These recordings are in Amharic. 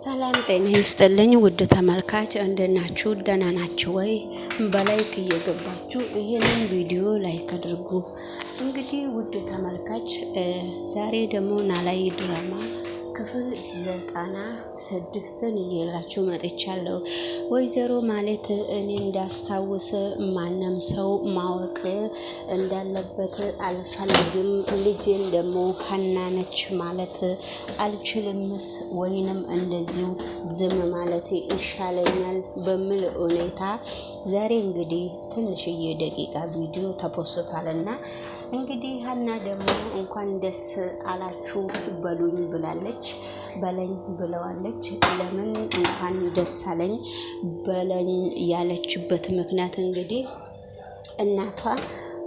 ሰላም ጤና ይስጥልኝ ውድ ተመልካች፣ እንደናችሁ ደህና ናችሁ ወይ? በላይክ እየገባችሁ ይህንን ቪዲዮ ላይክ አድርጉ። እንግዲህ ውድ ተመልካች ዛሬ ደግሞ ኖላዊ ድራማ ክፍል ዘጠና ስድስትን እየላችሁ መጥቻለሁ። ወይዘሮ ማለት እኔ እንዳስታውስ ማንም ሰው ማወቅ እንዳለበት አልፈልግም። ልጄን ደግሞ ሀናነች ማለት አልችልምስ ወይንም እንደዚሁ ዝም ማለት ይሻለኛል በሚል ሁኔታ ዛሬ እንግዲህ ትንሽዬ ደቂቃ ቪዲዮ ተፖስቷልና እንግዲህ ሀና ደግሞ እንኳን ደስ አላችሁ በሉኝ ብላለች፣ በለኝ ብለዋለች። ለምን እንኳን ደስ አለኝ በለኝ ያለችበት ምክንያት እንግዲህ እናቷ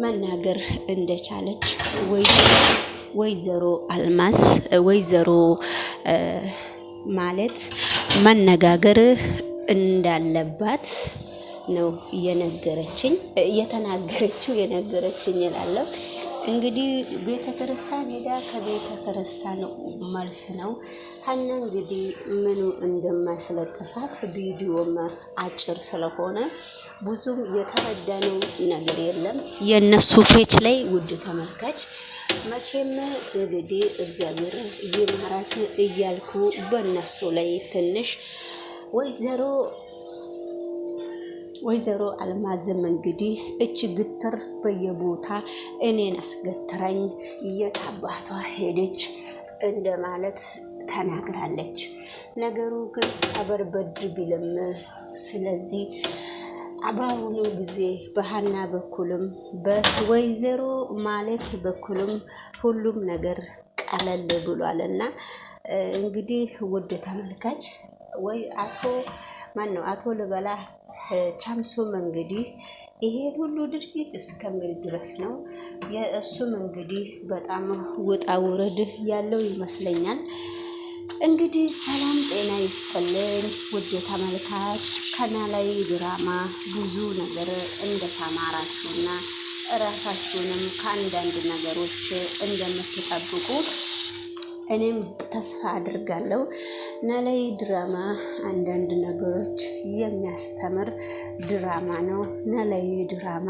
መናገር እንደቻለች ወይዘሮ አልማዝ ወይዘሮ ማለት መነጋገር እንዳለባት ነው የነገረችኝ የተናገረችው የነገረችኝ እላለሁ። እንግዲህ ቤተ ክርስቲያን ሄዳ ከቤተ ክርስቲያን መልስ ነው። ሀና እንግዲህ ምኑ እንደማያስለቅሳት ቪዲዮም አጭር ስለሆነ ብዙም የተረዳነው ነገር የለም። የእነሱ ፔች ላይ ውድ ተመልካች መቼም እንግዲህ እግዚአብሔር ይማራት እያልኩ በእነሱ ላይ ትንሽ ወይዘሮ ወይዘሮ አልማዝም እንግዲህ እች ግትር በየቦታ እኔን አስገትረኝ እየታባቷ አባቷ ሄደች እንደማለት ተናግራለች። ነገሩ ግን አበርበድ ቢልም ስለዚህ በአሁኑ ጊዜ በሀና በኩልም በወይዘሮ ማለት በኩልም ሁሉም ነገር ቀለል ብሏል እና እንግዲህ ውድ ተመልካች ወይ አቶ ማን ነው አቶ ልበላ ቻምሶም እንግዲህ ይሄ ሁሉ ድርጊት እስከሚል ድረስ ነው። የእሱም እንግዲህ በጣም ውጣ ውረድ ያለው ይመስለኛል። እንግዲህ ሰላም ጤና ይስጥልን ውድ ተመልካች ከኖላዊ ድራማ ብዙ ነገር እንደተማራችሁና ራሳችሁንም ከአንዳንድ ነገሮች እንደምትጠብቁ እኔም ተስፋ አድርጋለሁ። ኖላዊ ድራማ አንዳንድ ነገሮች የሚያስተምር ድራማ ነው። ኖላዊ ድራማ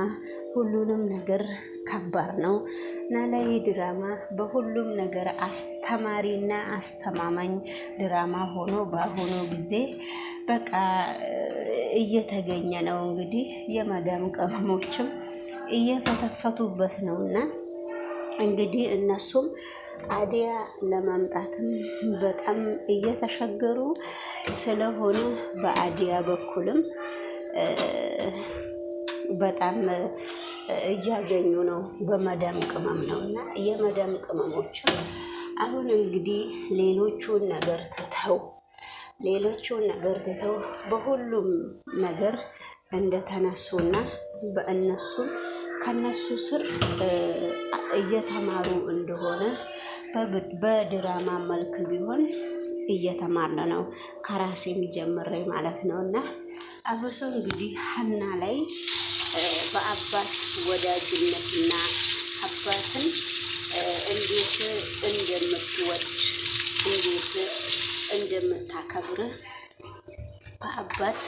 ሁሉንም ነገር ከባድ ነው። ኖላዊ ድራማ በሁሉም ነገር አስተማሪና አስተማማኝ ድራማ ሆኖ በአሁኑ ጊዜ በቃ እየተገኘ ነው። እንግዲህ የመዳም ቅመሞችም እየፈተፈቱበት እና እንግዲህ እነሱም አዲያ ለማምጣትም በጣም እየተሸገሩ ስለሆነ በአዲያ በኩልም በጣም እያገኙ ነው። በመዳም ቅመም ነው እና የመዳም ቅመሞች አሁን እንግዲህ ሌሎቹን ነገር ትተው ሌሎቹን ነገር ትተው በሁሉም ነገር እንደተነሱና በእነሱም ከነሱ ስር እየተማሩ እንደሆነ በድራማ መልክ ቢሆን እየተማርን ነው፣ ከራሴም ጀምሬ ማለት ነው። እና አብሶ እንግዲህ ሀና ላይ በአባት ወዳጅነትና አባትን እንዴት እንደምትወድ እንዴት እንደምታከብር በአባት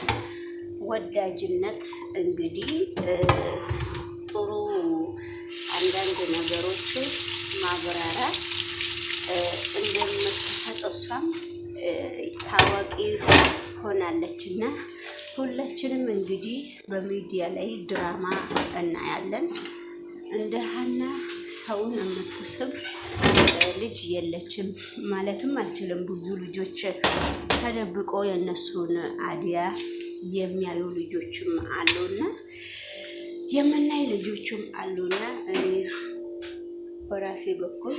ወዳጅነት እንግዲህ ጥሩ አንዳንድ ነገሮቹ ማብራራ እንደምትሰጥ እሷም ታዋቂ ሆናለች እና ሁላችንም እንግዲህ በሚዲያ ላይ ድራማ እናያለን። እንደ ሀና ሰውን የምትስብ ልጅ የለችም ማለትም አልችልም። ብዙ ልጆች ተደብቆ የእነሱን አድያ የሚያዩ ልጆችም አሉና የምናይ ልጆቹም አሉና እኔ በራሴ በኩል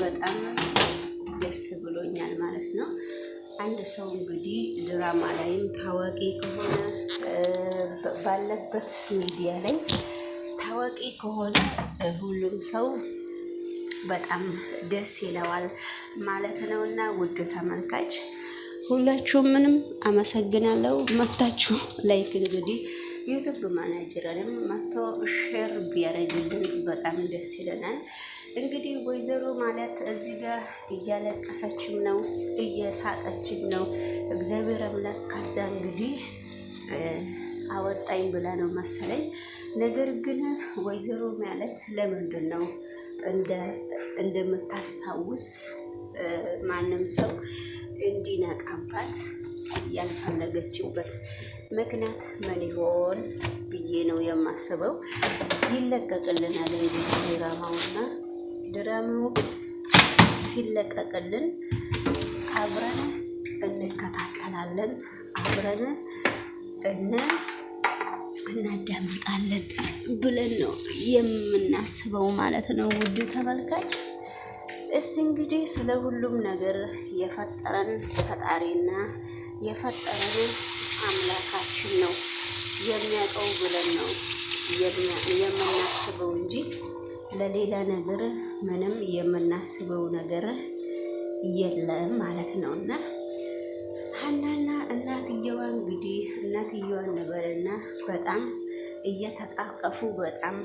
በጣም ደስ ብሎኛል ማለት ነው። አንድ ሰው እንግዲህ ድራማ ላይም ታዋቂ ከሆነ ባለበት ሚዲያ ላይ ታዋቂ ከሆነ ሁሉም ሰው በጣም ደስ ይለዋል ማለት ነው። እና ውድ ተመልካች ሁላችሁም ምንም አመሰግናለሁ። መብታችሁ ላይክ እንግዲህ ዩቱብ ማናጀርንም መጥቶ ሼር ቢያደርግልን በጣም ደስ ይለናል። እንግዲህ ወይዘሮ ማለት እዚህ ጋር እያለቀሰችም ነው እየሳቀችም ነው። እግዚአብሔር አምላክ ከዛ እንግዲህ አወጣኝ ብላ ነው መሰለኝ። ነገር ግን ወይዘሮ ማለት ለምንድን ነው እንደምታስታውስ ማንም ሰው እንዲነቃባት ያልፈለገችበት ምክንያት ምን ይሆን ብዬ ነው የማስበው። ይለቀቅልናል እንግዲህ ድራማውና ድራማው ሲለቀቅልን አብረን እንከታተላለን፣ አብረን እነ እናዳምጣለን ብለን ነው የምናስበው ማለት ነው። ውድ ተመልካች እስቲ እንግዲህ ስለ ሁሉም ነገር የፈጠረን ፈጣሪና የፈጠረንን አምላካችን ነው የሚያውቀው ብለን ነው የምናስበው እንጂ ለሌላ ነገር ምንም የምናስበው ነገር የለም ማለት ነው። እና ሀናና እናትየዋ እንግዲህ እናትየዋ ነበርና በጣም እየተቃቀፉ በጣም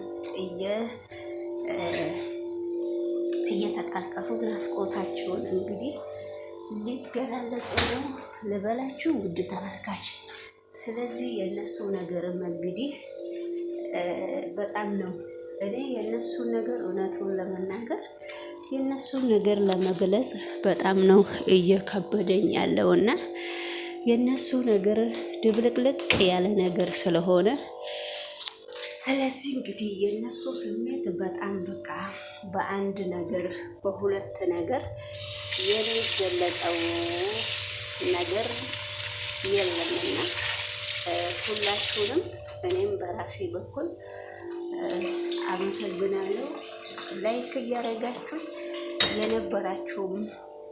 እየተቃቀፉ ናፍቆታቸውን እንግዲህ ሊገላለጹ ነው ልበላችሁ ውድ ተመልካች። ስለዚህ የእነሱ ነገርም እንግዲህ በጣም ነው እኔ የእነሱን ነገር እውነቱን ለመናገር የእነሱን ነገር ለመግለጽ በጣም ነው እየከበደኝ ያለውና የእነሱ ነገር ድብልቅልቅ ያለ ነገር ስለሆነ ስለዚህ እንግዲህ የእነሱ ስሜት በጣም በቃ በአንድ ነገር በሁለት ነገር የሚገለጸው ነገር የለምና ሁላችሁንም እኔም በራሴ በኩል አመሰግናለሁ። ላይክ እያደረጋችሁ የነበራችሁም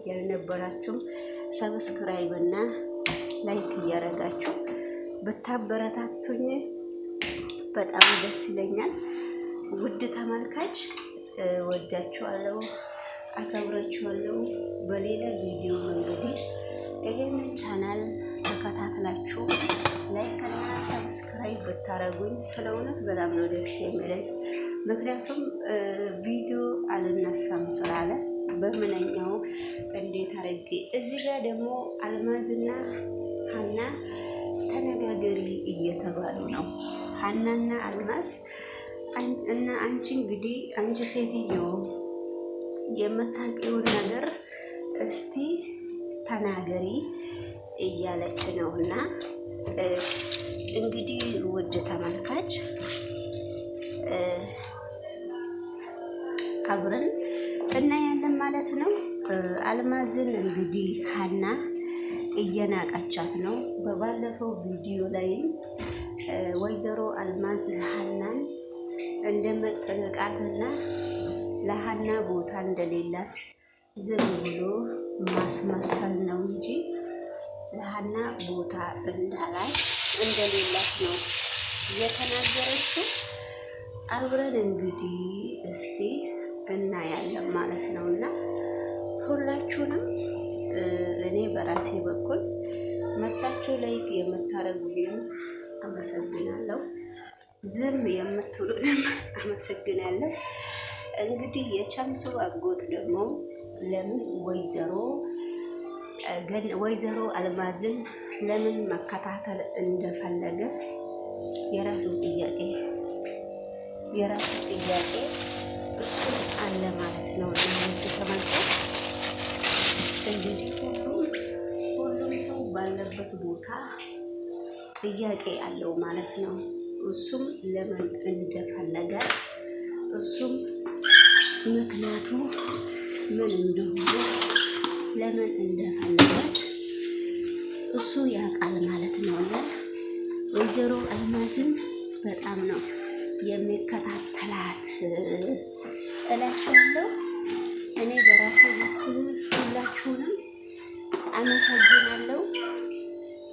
ያልነበራችሁም ሰብስክራይብ እና ላይክ እያደረጋችሁ ብታበረታቱኝ በጣም ደስ ይለኛል። ውድ ተመልካች ወዳችኋለሁ። አከብራችኋለሁ። በሌላ ቪዲዮ እንግዲህ ይህን ቻናል ተከታትላችሁ ላይክ፣ ሰብስክራይብ ብታረጉኝ ስለ እውነት በጣም ነው ደስ የሚለኝ። ምክንያቱም ቪዲዮ አልነሳም ስላለ በምንኛው እንዴት አረጌ እዚህ ጋር ደግሞ አልማዝና ሀና ተነጋገሪ እየተባሉ ነው። ሀናና አልማዝ እና አንቺ እንግዲህ አንቺ ሴትየው የምታውቂውን ነገር እስቲ ተናገሪ እያለች ነው። እና እንግዲህ ውድ ተመልካች አብረን እናያለን ማለት ነው። አልማዝን እንግዲህ ሀና እየናቀቻት ነው። በባለፈው ቪዲዮ ላይም ወይዘሮ አልማዝ ሀናን እንደመጠነቃትና ለሀና ቦታ እንደሌላት ዝም ብሎ ማስመሰል ነው እንጂ ለሀና ቦታ እንዳላት እንደሌላት ነው የተናገረችው። አብረን እንግዲህ እስቲ እናያለን ማለት ነው እና ሁላችሁንም እኔ በራሴ በኩል መታችሁ ላይ የምታደርጉልኝ አመሰግናለሁ። ዝም የምትሉንም አመሰግናለሁ። እንግዲህ የቻምሱ አጎት ደግሞ ለምን ወይዘሮ ወይዘሮ አልማዝን ለምን መከታተል እንደፈለገ የራሱ ጥያቄ የራሱ ጥያቄ እሱ አለ ማለት ነው። ለውድ ተመልካች እንግዲህ ሁሉም ሁሉም ሰው ባለበት ቦታ ጥያቄ አለው ማለት ነው። እሱም ለምን እንደፈለገ እሱም ምክንያቱ ምን እንደሆነ ለምን እንደፈለገ እሱ ያውቃል ማለት ነው። ወይዘሮ አልማዝም በጣም ነው የሚከታተላት እላችኋለሁ። እኔ በራሴ በኩል ሁላችሁንም አመሰግናለሁ።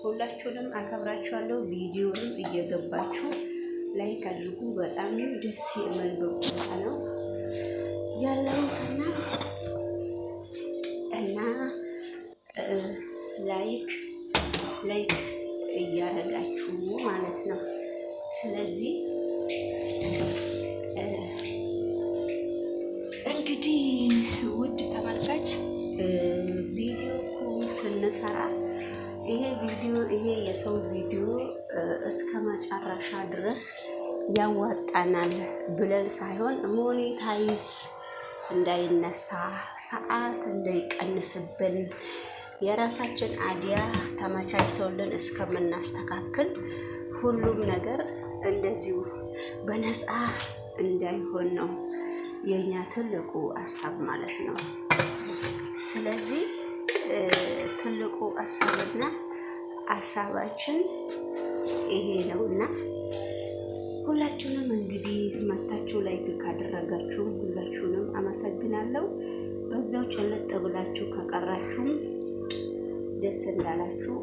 ሁላችሁንም አከብራችኋለሁ። ቪዲዮንም እየገባችሁ ላይክ አድርጉ። በጣም ደስ የሚል ነው። ያለሁትና እና ላይክ ላይክ እያደረጋችሁ ማለት ነው። ስለዚህ እንግዲህ ውድ ተመልካች ቪዲዮ እኮ ስንሰራ ይሄ ቪዲዮ ይሄ የሰው ቪዲዮ እስከ መጨረሻ ድረስ ያዋጣናል ብለን ሳይሆን ሞኔታይዝ እንዳይነሳ፣ ሰዓት እንዳይቀንስብን የራሳችን አዲያ ተመቻችተውልን እስከምናስተካክል ሁሉም ነገር እንደዚሁ በነፃ እንዳይሆን ነው የእኛ ትልቁ ሀሳብ ማለት ነው። ስለዚህ ትልቁ ሀሳብና ሀሳባችን ይሄ ነውና ሁላችሁንም እንግዲህ መታችሁ ላይክ ካደረጋችሁ ሁላችሁንም አመሰግናለሁ። በዛው ጨለጥ ብላችሁ ከቀራችሁም ደስ እንዳላችሁ